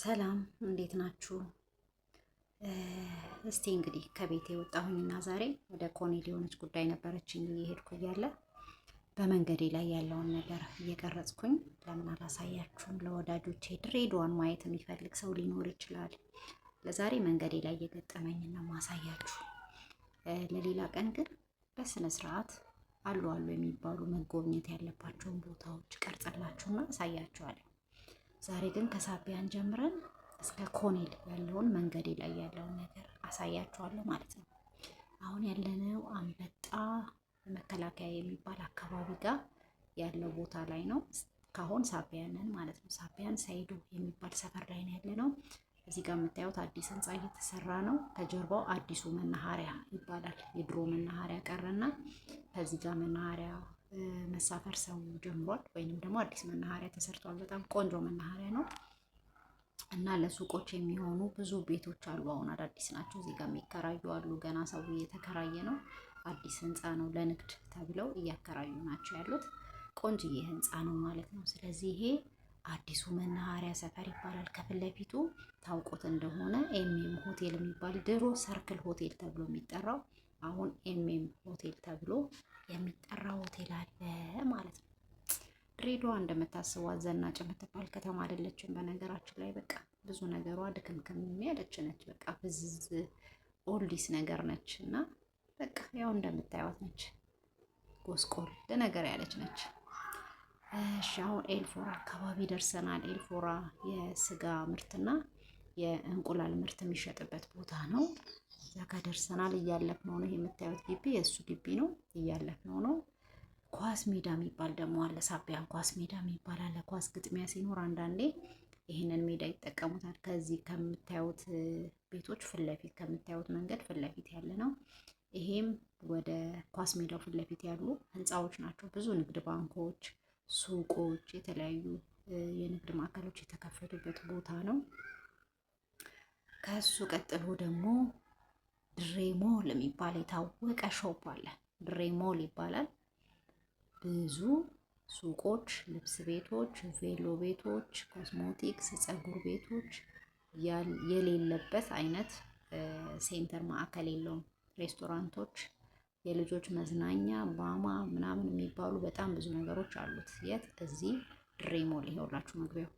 ሰላም እንዴት ናችሁ? እስቲ እንግዲህ ከቤት የወጣሁኝና ዛሬ ወደ ኮኔል የሆነች ጉዳይ ነበረችኝ እየሄድኩ እያለ በመንገዴ ላይ ያለውን ነገር እየቀረጽኩኝ ለምን አላሳያችሁም? ለወዳጆቼ ድሬዳዋን ማየት የሚፈልግ ሰው ሊኖር ይችላል። ለዛሬ መንገዴ ላይ እየገጠመኝ ነው ማሳያችሁ። ለሌላ ቀን ግን በስነ ስርዓት አሉ አሉ የሚባሉ መጎብኘት ያለባቸውን ቦታዎች ቀርጸላችሁና አሳያችኋለሁ። ዛሬ ግን ከሳቢያን ጀምረን እስከ ኮኔል ያለውን መንገዴ ላይ ያለውን ነገር አሳያችኋለሁ ማለት ነው። አሁን ያለነው አንበጣ መከላከያ የሚባል አካባቢ ጋር ያለው ቦታ ላይ ነው። ካሁን ሳቢያንን ማለት ነው። ሳቢያን ሳይዱ የሚባል ሰፈር ላይ ነው ያለ ነው። እዚህ ጋር የምታዩት አዲስ ህንፃ እየተሰራ ነው። ከጀርባው አዲሱ መናኸሪያ ይባላል። የድሮ መናኸሪያ ቀረና ከዚህ ጋር መናኸሪያ መሳፈር ሰው ጀምሯል፣ ወይንም ደግሞ አዲስ መናኸሪያ ተሰርቷል። በጣም ቆንጆ መናኸሪያ ነው እና ለሱቆች የሚሆኑ ብዙ ቤቶች አሉ። አሁን አዳዲስ ናቸው፣ እዚህ ጋር የሚከራዩ አሉ። ገና ሰው እየተከራየ ነው። አዲስ ህንፃ ነው፣ ለንግድ ተብለው እያከራዩ ናቸው ያሉት። ቆንጆዬ ህንፃ ነው ማለት ነው። ስለዚህ ይሄ አዲሱ መናኸሪያ ሰፈር ይባላል። ከፊት ለፊቱ ታውቆት እንደሆነ ኤምኤም ሆቴል የሚባል ድሮ ሰርክል ሆቴል ተብሎ የሚጠራው አሁን ኤምኤም ሆቴል ተብሎ የሚጠራ ሆቴል አለ ማለት ነው። ድሬዳዋ እንደምታስቧት አዘናጭ የምትባል ከተማ አይደለችም። በነገራችን ላይ በቃ ብዙ ነገሯ ድክምክም ያለች ነች። በቃ ብዝዝ ኦልዲስ ነገር ነች እና በቃ ያው እንደምታዩት ነች። ጎስቆል ነገር ያለች ነች። እሺ አሁን ኤልፎራ አካባቢ ደርሰናል። ኤልፎራ የስጋ ምርትና የእንቁላል ምርት የሚሸጥበት ቦታ ነው። እዛ ደርሰናል። እያለፍ ነው ነው የምታዩት ግቢ የእሱ ግቢ ነው። እያለፍ ነው ነው ኳስ ሜዳ የሚባል ደግሞ አለ። ሳቢያን ኳስ ሜዳ የሚባል አለ። ኳስ ግጥሚያ ሲኖር አንዳንዴ ይህንን ሜዳ ይጠቀሙታል። ከዚህ ከምታዩት ቤቶች ፍለፊት ለፊት ከምታዩት መንገድ ፍለፊት ለፊት ያለ ነው። ይሄም ወደ ኳስ ሜዳው ፍለፊት ለፊት ያሉ ህንፃዎች ናቸው። ብዙ ንግድ ባንኮች፣ ሱቆች፣ የተለያዩ የንግድ ማዕከሎች የተከፈቱበት ቦታ ነው። ከሱ ቀጥሎ ደግሞ ድሬሞል የሚባል የታወቀ ሾፕ አለ። ድሬሞል ይባላል። ብዙ ሱቆች፣ ልብስ ቤቶች፣ ቬሎ ቤቶች፣ ኮስሞቲክስ፣ ፀጉር ቤቶች የሌለበት አይነት ሴንተር ማዕከል የለውም። ሬስቶራንቶች፣ የልጆች መዝናኛ፣ ባማ ምናምን የሚባሉ በጣም ብዙ ነገሮች አሉት። የት? እዚህ ድሬሞል። ይሄውላችሁ መግቢያው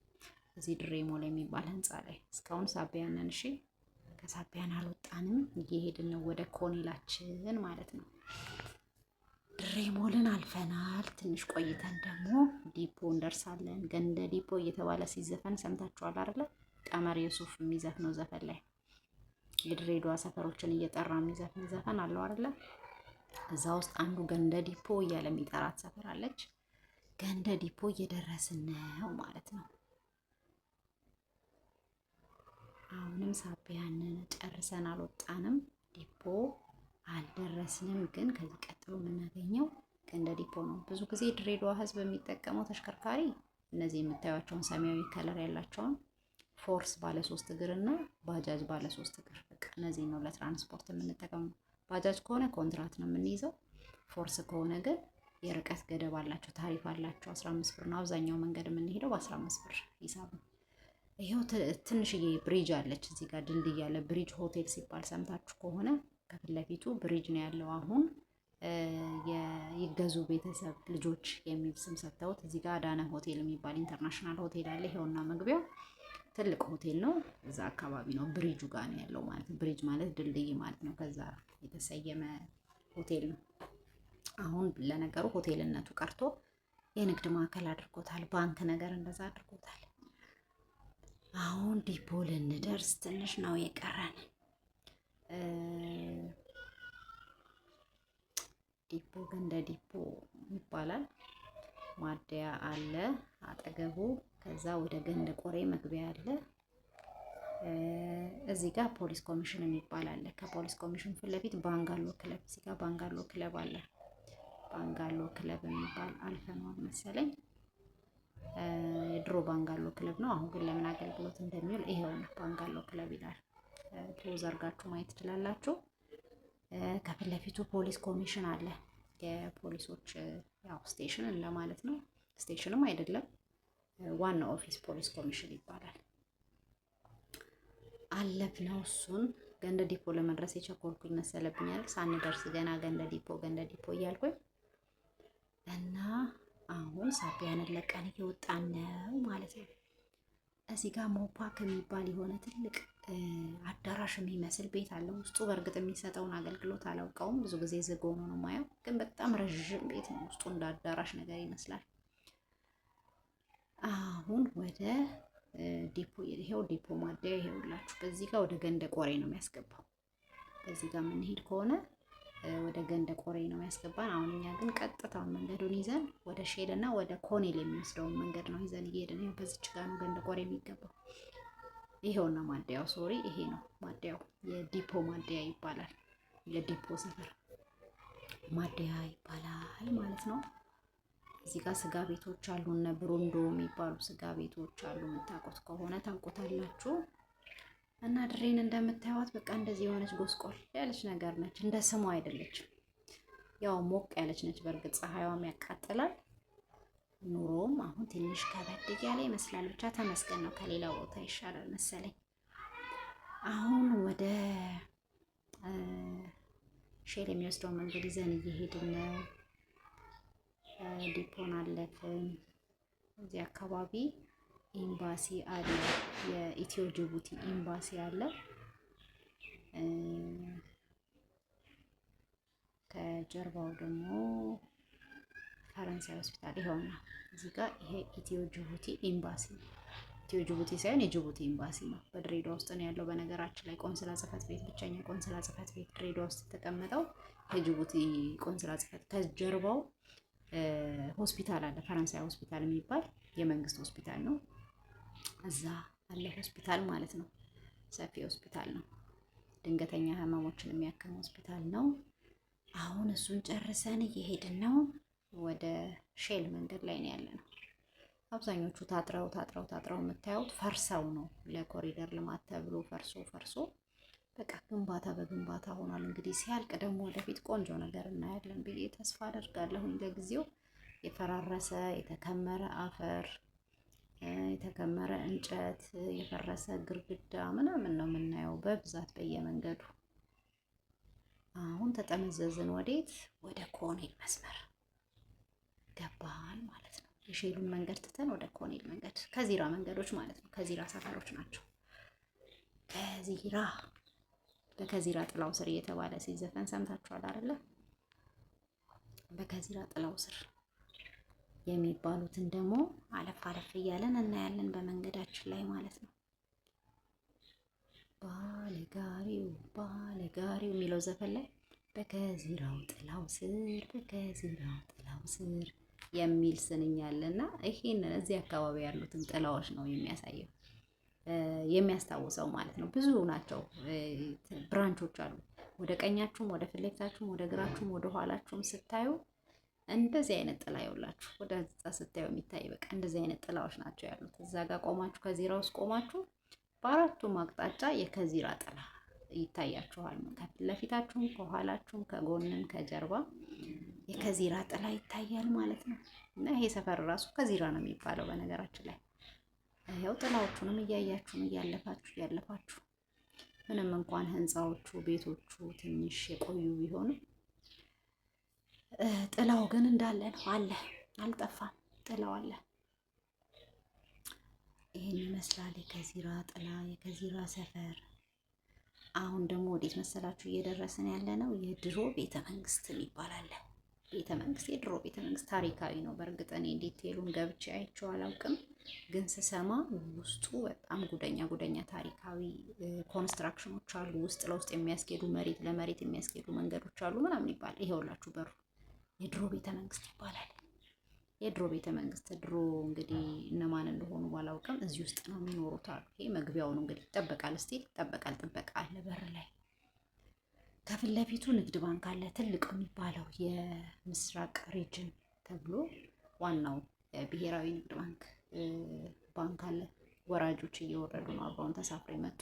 እዚህ ድሬሞል የሚባል ህንፃ ላይ እስካሁን ሳቢያነን እሺ ከሳቢያን አልወጣንም፣ እየሄድን ነው ወደ ኮኔላችን ማለት ነው። ድሬሞልን አልፈናል። ትንሽ ቆይተን ደግሞ ዲፖ እንደርሳለን። ገንደ ዲፖ እየተባለ ሲዘፈን ሰምታችኋል አይደለ? ቀመር የሱፍ የሚዘፍነው ዘፈን ላይ የድሬዷ ሰፈሮችን እየጠራ የሚዘፍን ዘፈን አለው አይደለ? እዛ ውስጥ አንዱ ገንደ ዲፖ እያለ የሚጠራት ሰፈር አለች። ገንደ ዲፖ እየደረስን ነው ማለት ነው። አሁንም ሳቢያንን ጨርሰን አልወጣንም። ዲፖ አልደረስንም፣ ግን ከዚህ ቀጥሎ የምናገኘው ገንደ ዲፖ ነው። ብዙ ጊዜ ድሬዳዋ ህዝብ የሚጠቀመው ተሽከርካሪ እነዚህ የምታዩቸውን ሰማያዊ ከለር ያላቸውን ፎርስ ባለ ሶስት እግር እና ባጃጅ ባለ ሶስት እግር በቃ እነዚህ ነው ለትራንስፖርት የምንጠቀመው። ባጃጅ ከሆነ ኮንትራት ነው የምንይዘው። ፎርስ ከሆነ ግን የርቀት ገደብ አላቸው፣ ታሪፍ አላቸው። 15 ብር ነው አብዛኛው መንገድ የምንሄደው በ15 ብር ሂሳብ ነው። ይኸው ትንሽዬ ብሪጅ አለች እዚህ ጋር ድልድይ ያለ ብሪጅ ሆቴል ሲባል ሰምታችሁ ከሆነ ከፊት ለፊቱ ብሪጅ ነው ያለው። አሁን ይገዙ ቤተሰብ ልጆች የሚል ስም ሰጥተውት እዚህ ጋር አዳነ ሆቴል የሚባል ኢንተርናሽናል ሆቴል አለ። ይኸውና መግቢያው ትልቅ ሆቴል ነው። እዛ አካባቢ ነው ብሪጁ ጋር ነው ያለው ማለት ነው። ብሪጅ ማለት ድልድይ ማለት ነው። ከዛ የተሰየመ ሆቴል ነው። አሁን ለነገሩ ሆቴልነቱ ቀርቶ የንግድ ማዕከል አድርጎታል። ባንክ ነገር እንደዛ አድርጎታል። አሁን ዲፖ ልንደርስ ትንሽ ነው የቀረን። ዲፖ ገንደ ዲፖ ይባላል። ማደያ አለ አጠገቡ። ከዛ ወደ ገንደ ቆሬ መግቢያ አለ። እዚህ ጋር ፖሊስ ኮሚሽን የሚባል አለ። ከፖሊስ ኮሚሽን ፊት ለፊት ባንጋሎ ክለብ፣ እዚህ ጋር ባንጋሎ ክለብ አለ። ባንጋሎ ክለብ የሚባል አልፈኗል መሰለኝ ድሮ ባንጋሎ ክለብ ነው። አሁን ግን ለምን አገልግሎት እንደሚውል ይሄው ባንጋሎ ክለብ ይላል። ዘርጋችሁ ማየት ትችላላችሁ። ከፊት ለፊቱ ፖሊስ ኮሚሽን አለ። የፖሊሶች ያው ስቴሽን ለማለት ነው። ስቴሽንም አይደለም ዋና ኦፊስ ፖሊስ ኮሚሽን ይባላል። አለፍ ነው እሱን ገንደ ዲፖ ለመድረስ የቸኮልኩኝ መሰለብኛል። ሳንደርስ ገና ገንደ ዲፖ ገንደ ዲፖ እያልኩኝ እና አሁን ሳቢያንን ለቀን እየወጣን ነው ማለት ነው። እዚህ ጋር ሞፓ ከሚባል የሆነ ትልቅ አዳራሽ የሚመስል ቤት አለው። ውስጡ በእርግጥ የሚሰጠውን አገልግሎት አላውቀውም። ብዙ ጊዜ ዝግ ሆኖ ነው ማየው፣ ግን በጣም ረዥም ቤት ነው። ውስጡ እንደ አዳራሽ ነገር ይመስላል። አሁን ወደ ዲፖ ይሄው ዲፖ ማደያ ይሄውላችሁ። በዚህ ጋር ወደ ገንደ ቆሬ ነው የሚያስገባው። በዚህ ጋር የምንሄድ ከሆነ ወደ ገንደ ቆሬ ነው ያስገባን። አሁን እኛ ግን ቀጥታውን መንገዱን ይዘን ወደ ሼል እና ወደ ኮኔል የሚወስደውን መንገድ ነው ይዘን እየሄድን ነው። በዚች ጋ ነው ገንደ ቆሬ የሚገባው። ይሄው ነው ማደያው። ሶሪ ይሄ ነው ማደያው። የዲፖ ማደያ ይባላል። የዲፖ ሰፈር ማደያ ይባላል ማለት ነው። እዚህ ጋር ስጋ ቤቶች አሉ። እነ ብሩንዶ የሚባሉ ስጋ ቤቶች አሉ። የምታውቁት ከሆነ ታውቁታላችሁ። እና ድሬን እንደምታዩት በቃ እንደዚህ የሆነች ጎስቆል ያለች ነገር ነች። እንደ ስሙ አይደለችም። ያው ሞቅ ያለች ነች። በእርግጥ ፀሐይዋም ያቃጥላል። ኑሮም አሁን ትንሽ ከበድ እያለ ይመስላል። ብቻ ተመስገን ነው። ከሌላ ቦታ ይሻላል መሰለኝ። አሁን ወደ ሼል የሚወስደው መንገድ ይዘን እየሄድን ዲፖን አለፍን እዚህ አካባቢ ኤምባሲ አለ፣ የኢትዮ ጅቡቲ ኤምባሲ አለ። ከጀርባው ደግሞ ፈረንሳይ ሆስፒታል ነው። እዚህ ጋር ይሄ ኢትዮ ጅቡቲ ኤምባሲ ነው። ኢትዮ ጅቡቲ ሳይሆን የጅቡቲ ኤምባሲ ነው። በድሬዳዋ ውስጥ ነው ያለው። በነገራችን ላይ ቆንስላ ጽፈት ቤት ብቸኛ ቆንስላ ጽፈት ቤት ድሬዳዋ ውስጥ የተቀመጠው የጅቡቲ ቆንስላ ጽሕፈት ከጀርባው ሆስፒታል አለ። ፈረንሳይ ሆስፒታል የሚባል የመንግስት ሆስፒታል ነው። እዛ አለ ሆስፒታል ማለት ነው። ሰፊ ሆስፒታል ነው። ድንገተኛ ህመሞችን የሚያክም ሆስፒታል ነው። አሁን እሱን ጨርሰን እየሄድን ነው። ወደ ሼል መንገድ ላይ ነው ያለ ነው። አብዛኞቹ ታጥረው ታጥረው ታጥረው የምታዩት ፈርሰው ነው። ለኮሪደር ልማት ተብሎ ፈርሶ ፈርሶ በቃ ግንባታ በግንባታ ሆኗል። እንግዲህ ሲያልቅ ደግሞ ወደፊት ቆንጆ ነገር እናያለን ብዬ ተስፋ አደርጋለሁኝ። ለጊዜው የፈራረሰ የተከመረ አፈር የተከመረ እንጨት፣ የፈረሰ ግርግዳ ምናምን ነው የምናየው በብዛት በየመንገዱ። አሁን ተጠመዘዝን ወዴት? ወደ ኮኔል መስመር ገባን ማለት ነው። የሼሉን መንገድ ትተን ወደ ኮኔል መንገድ ከዚራ መንገዶች ማለት ነው። ከዚራ ሰፈሮች ናቸው። ከዚራ በከዚራ ጥላው ስር እየተባለ ሲዘፈን ሰምታችኋል አይደለ? በከዚራ ጥላው ስር የሚባሉትን ደግሞ አለፍ አለፍ እያለን እናያለን በመንገዳችን ላይ ማለት ነው። ባለጋሪው ባለጋሪው የሚለው ዘፈን ላይ በከዚራው ጥላው ስር በከዚራው ጥላው ስር የሚል ስንኝ አለ እና ይሄን እዚህ አካባቢ ያሉትን ጥላዎች ነው የሚያሳየው የሚያስታውሰው ማለት ነው። ብዙ ናቸው፣ ብራንቾች አሉ። ወደ ቀኛችሁም፣ ወደ ፊት ለፊታችሁም፣ ወደ ግራችሁም፣ ወደ ኋላችሁም ስታዩ እንደዚህ አይነት ጥላ ይውላችሁ ወደ ህንፃ ስታዩ የሚታይ በቃ እንደዚህ አይነት ጥላዎች ናቸው ያሉት። እዛ ጋር ቆማችሁ ከዚራ ውስጥ ቆማችሁ በአራቱም አቅጣጫ የከዚራ ጥላ ይታያችኋል። ከፊት ለፊታችሁም፣ ከኋላችሁም፣ ከጎንም ከጀርባ የከዚራ ጥላ ይታያል ማለት ነው። እና ይሄ ሰፈር ራሱ ከዚራ ነው የሚባለው በነገራችን ላይ ያው ጥላዎቹንም እያያችሁም እያለፋችሁ እያለፋችሁ ምንም እንኳን ህንፃዎቹ ቤቶቹ ትንሽ የቆዩ ቢሆንም ጥላው ግን እንዳለ ነው አለ፣ አልጠፋም። ጥላው አለ። ይህን ይመስላል የከዚራ ጥላ፣ የከዚራ ሰፈር። አሁን ደግሞ ወዴት መሰላችሁ እየደረስን ያለ ነው? የድሮ ቤተ መንግስት የሚባል አለ። ቤተ መንግስት የድሮ ቤተ መንግስት ታሪካዊ ነው። በእርግጥ እኔ ዲቴሉን ገብቼ አይቼው አላውቅም፣ ግን ስሰማ ውስጡ በጣም ጉደኛ ጉደኛ ታሪካዊ ኮንስትራክሽኖች አሉ። ውስጥ ለውስጥ የሚያስኬዱ መሬት ለመሬት የሚያስኬዱ መንገዶች አሉ ምናምን ይባላል። ይሄውላችሁ በሩ የድሮ ቤተ መንግስት ይባላል። የድሮ ቤተ መንግስት ድሮ እንግዲህ እነማን እንደሆኑ ባላውቅም እዚህ ውስጥ ነው የሚኖሩት አሉ። ይሄ መግቢያው ነው እንግዲህ ይጠበቃል። እስቲ ይጠበቃል፣ ጥበቃ አለ በር ላይ። ከፊት ለፊቱ ንግድ ባንክ አለ፣ ትልቅ የሚባለው የምስራቅ ሪጅን ተብሎ ዋናው ብሔራዊ ንግድ ባንክ ባንክ አለ። ወራጆች እየወረዱ ነው፣ አብረውን ተሳፍሮ የመጡ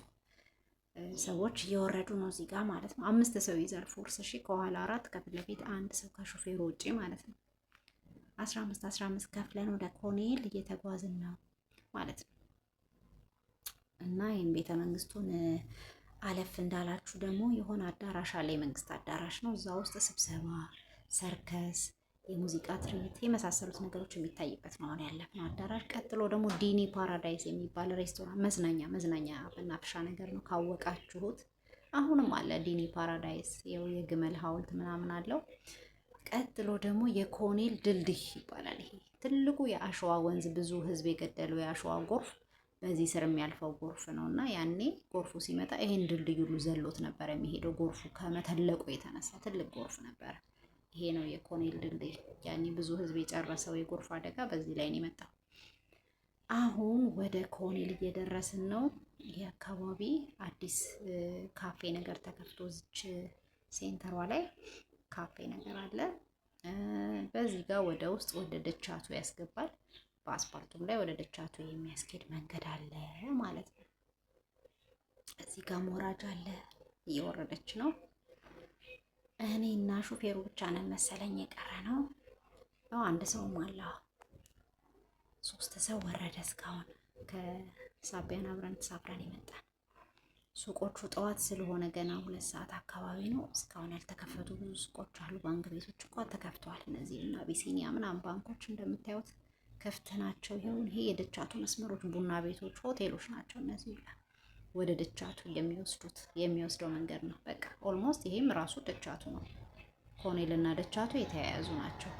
ሰዎች እየወረዱ ነው እዚህ ጋር ማለት ነው። አምስት ሰው ይዛል ፎርስ። እሺ ከኋላ አራት፣ ከፊት ለፊት አንድ ሰው ከሹፌሩ ውጪ ማለት ነው። አስራ አምስት አስራ አምስት ከፍለን ወደ ኮኔል እየተጓዝን ነው ማለት ነው። እና ይህን ቤተ መንግስቱን አለፍ እንዳላችሁ ደግሞ የሆነ አዳራሽ አለ፣ የመንግስት አዳራሽ ነው። እዛ ውስጥ ስብሰባ፣ ሰርከስ የሙዚቃ ትርኢት የመሳሰሉት ነገሮች የሚታይበት መሆን ያለብ ነው አዳራሽ። ቀጥሎ ደግሞ ዲኒ ፓራዳይስ የሚባል ሬስቶራንት መዝናኛ መዝናኛ መናፈሻ ነገር ነው ካወቃችሁት። አሁንም አለ ዲኒ ፓራዳይስ ው የግመል ሐውልት ምናምን አለው። ቀጥሎ ደግሞ የኮኔል ድልድይ ይባላል። ይሄ ትልቁ የአሸዋ ወንዝ ብዙ ህዝብ የገደለው የአሸዋ ጎርፍ በዚህ ስር የሚያልፈው ጎርፍ ነው እና ያኔ ጎርፉ ሲመጣ ይሄን ድልድዩ ሁሉ ዘሎት ነበር የሚሄደው ጎርፉ ከመተለቁ የተነሳ ትልቅ ጎርፍ ነበረ። ይሄ ነው የኮኔል ድልድይ። ያኔ ብዙ ህዝብ የጨረሰው የጎርፍ አደጋ በዚህ ላይ ነው የመጣው። አሁን ወደ ኮኔል እየደረስን ነው። ይህ አካባቢ አዲስ ካፌ ነገር ተከፍቶ ዝች ሴንተሯ ላይ ካፌ ነገር አለ። በዚህ ጋር ወደ ውስጥ ወደ ደቻቱ ያስገባል። በአስፓልቱም ላይ ወደ ደቻቱ የሚያስኬድ መንገድ አለ ማለት ነው። እዚህ ጋር መውራጅ አለ። እየወረደች ነው እኔ እና ሹፌሩ ብቻ ነን መሰለኝ የቀረ ነው። ያው አንድ ሰውም አለው ሶስት ሰው ወረደ። እስካሁን ከሳቢያን አብረን ተሳፍረን የመጣን ሱቆቹ ጠዋት ስለሆነ ገና ሁለት ሰዓት አካባቢ ነው። እስካሁን ያልተከፈቱ ብዙ ሱቆች አሉ። ባንክ ቤቶች እንኳን ተከፍተዋል። እነዚህ እና ቤሲኒያ ምናምን ባንኮች እንደምታዩት ክፍት ናቸው። ይሁን ይሄ የደቻቱ መስመሮች፣ ቡና ቤቶች፣ ሆቴሎች ናቸው እነዚህ ይላል ወደ ደቻቱ የሚወስዱት የሚወስደው መንገድ ነው። በቃ ኦልሞስት ይሄም ራሱ ደቻቱ ነው። ኮኔልና ደቻቱ የተያያዙ ናቸው።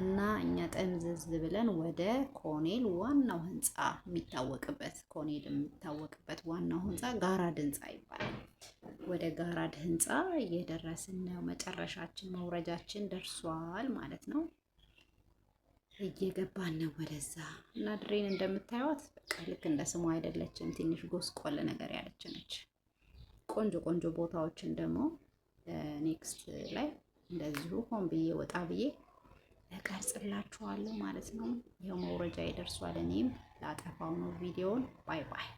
እና እኛ ጠንዝዝ ብለን ወደ ኮኔል ዋናው ህንፃ የሚታወቅበት ኮኔል የሚታወቅበት ዋናው ህንፃ ጋራድ ህንፃ ይባላል። ወደ ጋራድ ህንፃ እየደረስን ነው። መጨረሻችን መውረጃችን ደርሷል ማለት ነው። እየገባን ነው ወደዛ እና ድሬን እንደምታዩት በቃ ልክ እንደ ስሙ አይደለችም። ትንሽ ጎስቆል ነገር ያለች ነች። ቆንጆ ቆንጆ ቦታዎችን ደግሞ ኔክስት ላይ እንደዚሁ ሆን ብዬ ወጣ ብዬ እቀርጽላችኋለሁ ማለት ነው። ይኸው መውረጃ ይደርሷል። እኔም ላጠፋው ነው ቪዲዮውን። ባይ ባይ